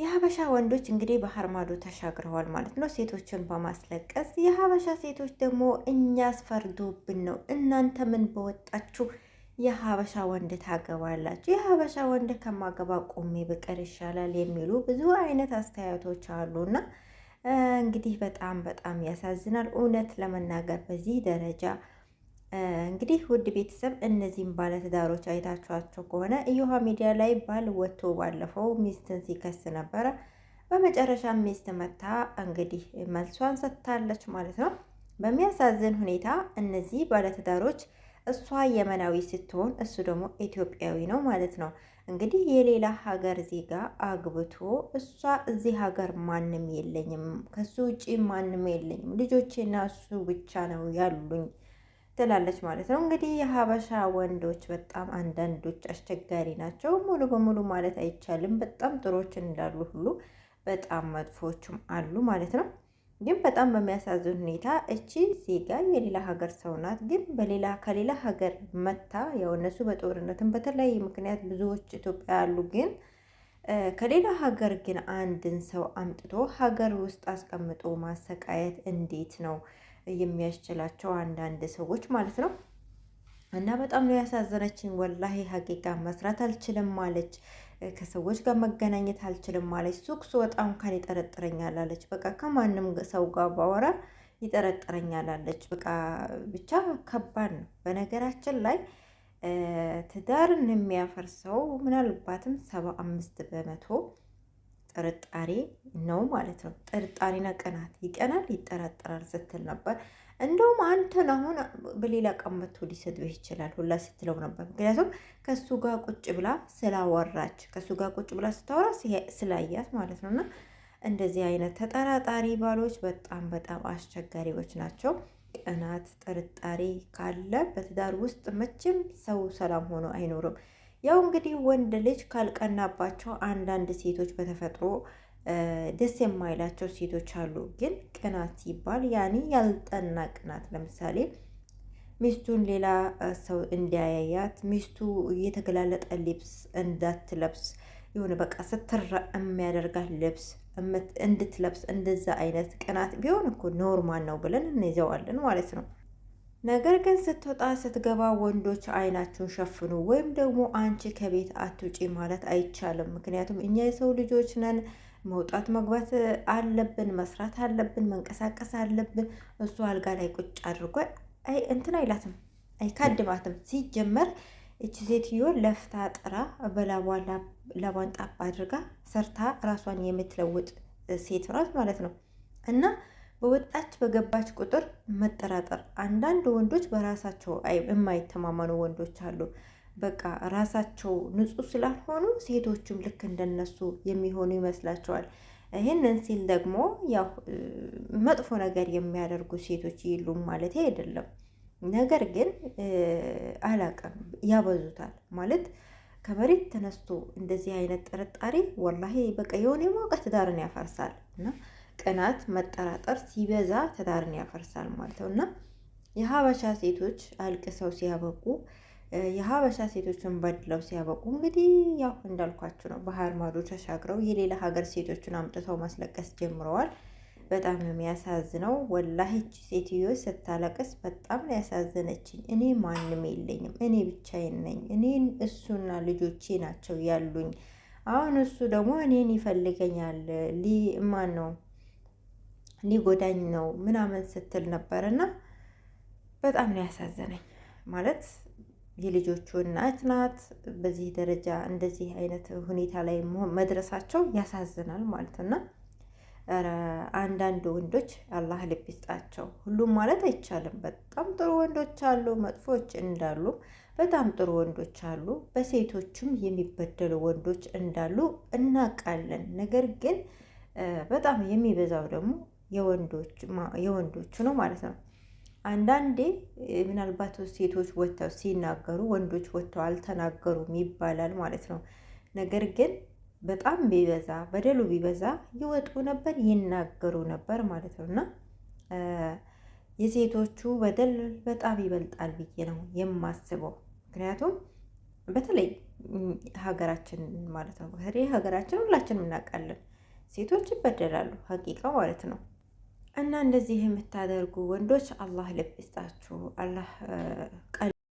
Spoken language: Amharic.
የሀበሻ ወንዶች እንግዲህ ባህር ማዶ ተሻግረዋል ማለት ነው፣ ሴቶችን በማስለቀስ የሀበሻ ሴቶች ደግሞ እኛ አስፈርዶብን ነው። እናንተ ምን በወጣችሁ የሀበሻ ወንድ ታገባላችሁ? የሀበሻ ወንድ ከማገባ ቆሜ ብቀር ይሻላል የሚሉ ብዙ አይነት አስተያየቶች አሉና እንግዲህ በጣም በጣም ያሳዝናል። እውነት ለመናገር በዚህ ደረጃ እንግዲህ ውድ ቤተሰብ እነዚህም ባለትዳሮች አይታችኋቸው ከሆነ እዮሃ ሚዲያ ላይ ባል ወጥቶ ባለፈው ሚስትን ሲከስ ነበረ። በመጨረሻ ሚስት መታ እንግዲህ መልሷን ሰጥታለች ማለት ነው። በሚያሳዝን ሁኔታ እነዚህ ባለትዳሮች እሷ የመናዊ ስትሆን እሱ ደግሞ ኢትዮጵያዊ ነው ማለት ነው። እንግዲህ የሌላ ሀገር ዜጋ አግብቶ እሷ እዚህ ሀገር ማንም የለኝም፣ ከሱ ውጪ ማንም የለኝም፣ ልጆቼና እሱ ብቻ ነው ያሉኝ ትላለች ማለት ነው። እንግዲህ የሀበሻ ወንዶች በጣም አንዳንዶች አስቸጋሪ ናቸው። ሙሉ በሙሉ ማለት አይቻልም። በጣም ጥሮች እንዳሉ ሁሉ በጣም መጥፎችም አሉ ማለት ነው። ግን በጣም በሚያሳዝን ሁኔታ እቺ ዜጋ የሌላ ሀገር ሰው ናት። ግን በሌላ ከሌላ ሀገር መታ ያው እነሱ በጦርነትም በተለያየ ምክንያት ብዙዎች ኢትዮጵያ ያሉ ግን ከሌላ ሀገር ግን አንድን ሰው አምጥቶ ሀገር ውስጥ አስቀምጦ ማሰቃየት እንዴት ነው? የሚያስችላቸው አንዳንድ ሰዎች ማለት ነው። እና በጣም ነው ያሳዘነችኝ። ወላሂ ሀቂቃ መስራት አልችልም ማለች፣ ከሰዎች ጋር መገናኘት አልችልም ማለች። ሱቅ ስወጣ እንኳን ይጠረጥረኛል አለች። በቃ ከማንም ሰው ጋር ባወራ ይጠረጥረኛል አለች። በቃ ብቻ ከባድ ነው። በነገራችን ላይ ትዳርን የሚያፈርሰው ምናልባትም ሰባ አምስት በመቶ ጥርጣሬ ነው ማለት ነው። ጥርጣሬና ቅናት ይቀናል፣ ይጠራጠራል ስትል ነበር። እንደውም አንተን አሁን በሌላ ቀን መቶ ሊሰድብህ ይችላል ሁላ ስትለው ነበር። ምክንያቱም ከእሱ ጋር ቁጭ ብላ ስላወራች ከእሱ ጋር ቁጭ ብላ ስታወራ ስላያት ማለት ነው። እና እንደዚህ አይነት ተጠራጣሪ ባሎች በጣም በጣም አስቸጋሪዎች ናቸው። ቅናት ጥርጣሬ ካለ በትዳር ውስጥ መቼም ሰው ሰላም ሆኖ አይኖርም። ያው እንግዲህ ወንድ ልጅ ካልቀናባቸው አንዳንድ ሴቶች በተፈጥሮ ደስ የማይላቸው ሴቶች አሉ። ግን ቅናት ሲባል ያኔ ያልጠና ቅናት፣ ለምሳሌ ሚስቱን ሌላ ሰው እንዲያያያት፣ ሚስቱ የተገላለጠ ልብስ እንዳትለብስ የሆነ በቃ ስትራ የሚያደርጋት ልብስ እንድትለብስ እንደዛ አይነት ቅናት ቢሆን እኮ ኖርማል ነው ብለን እንይዘዋለን ማለት ነው። ነገር ግን ስትወጣ ስትገባ ወንዶች አይናቸውን ሸፍኑ ወይም ደግሞ አንቺ ከቤት አትውጪ ማለት አይቻልም። ምክንያቱም እኛ የሰው ልጆች ነን። መውጣት መግባት አለብን፣ መስራት አለብን፣ መንቀሳቀስ አለብን። እሱ አልጋ ላይ ቁጭ አድርጎ አይ እንትን አይላትም፣ አይካድማትም። ሲጀመር እች ሴትዮ ለፍታ ጥራ በላቧን ለማንጣፍ አድርጋ ሰርታ ራሷን የምትለውጥ ሴት ናት ማለት ነው እና በወጣች በገባች ቁጥር መጠራጠር። አንዳንድ ወንዶች በራሳቸው የማይተማመኑ ወንዶች አሉ። በቃ ራሳቸው ንጹህ ስላልሆኑ ሴቶችም ልክ እንደነሱ የሚሆኑ ይመስላቸዋል። ይህንን ሲል ደግሞ ያው መጥፎ ነገር የሚያደርጉ ሴቶች የሉም ማለት አይደለም። ነገር ግን አላቅም ያበዙታል ማለት ከመሬት ተነስቶ እንደዚህ አይነት ጥርጣሬ ወላሂ በቃ የሆነ የማውቀት ዳርን ያፈርሳል እና ቅናት፣ መጠራጠር ሲበዛ ትዳርን ያፈርሳል ማለት ነው እና የሀበሻ ሴቶች አልቅሰው ሲያበቁ የሀበሻ ሴቶችን በድለው ሲያበቁ እንግዲህ ያው እንዳልኳቸው ነው። ባህር ማዶ ተሻግረው የሌላ ሀገር ሴቶችን አምጥተው ማስለቀስ ጀምረዋል። በጣም ነው የሚያሳዝነው። ወላሂች ሴትዮ ስታለቅስ በጣም ነው ያሳዘነችኝ። እኔ ማንም የለኝም፣ እኔ ብቻዬን ነኝ፣ እኔን እሱና ልጆቼ ናቸው ያሉኝ። አሁን እሱ ደግሞ እኔን ይፈልገኛል። ማን ነው ሊጎዳኝ ነው ምናምን ስትል ነበር እና በጣም ነው ያሳዘነኝ። ማለት የልጆቹ እናት ናት። በዚህ ደረጃ እንደዚህ አይነት ሁኔታ ላይ መድረሳቸው ያሳዝናል ማለት እና አንዳንድ ወንዶች አላህ ልብ ይስጣቸው። ሁሉም ማለት አይቻልም። በጣም ጥሩ ወንዶች አሉ፣ መጥፎች እንዳሉ በጣም ጥሩ ወንዶች አሉ። በሴቶችም የሚበደሉ ወንዶች እንዳሉ እናውቃለን። ነገር ግን በጣም የሚበዛው ደግሞ የወንዶቹ ነው ማለት ነው። አንዳንዴ ምናልባት ሴቶች ወጥተው ሲናገሩ ወንዶች ወጥተው አልተናገሩም ይባላል ማለት ነው። ነገር ግን በጣም ቢበዛ በደሉ ቢበዛ ይወጡ ነበር፣ ይናገሩ ነበር ማለት ነው እና የሴቶቹ በደል በጣም ይበልጣል ብዬ ነው የማስበው። ምክንያቱም በተለይ ሀገራችን ማለት ነው በተለይ ሀገራችን ሁላችንም እናውቃለን ሴቶች ይበደላሉ ሀቂቃ ማለት ነው። እና እንደዚህ የምታደርጉ ወንዶች አላህ ልብ ይስጣችሁ። አላህ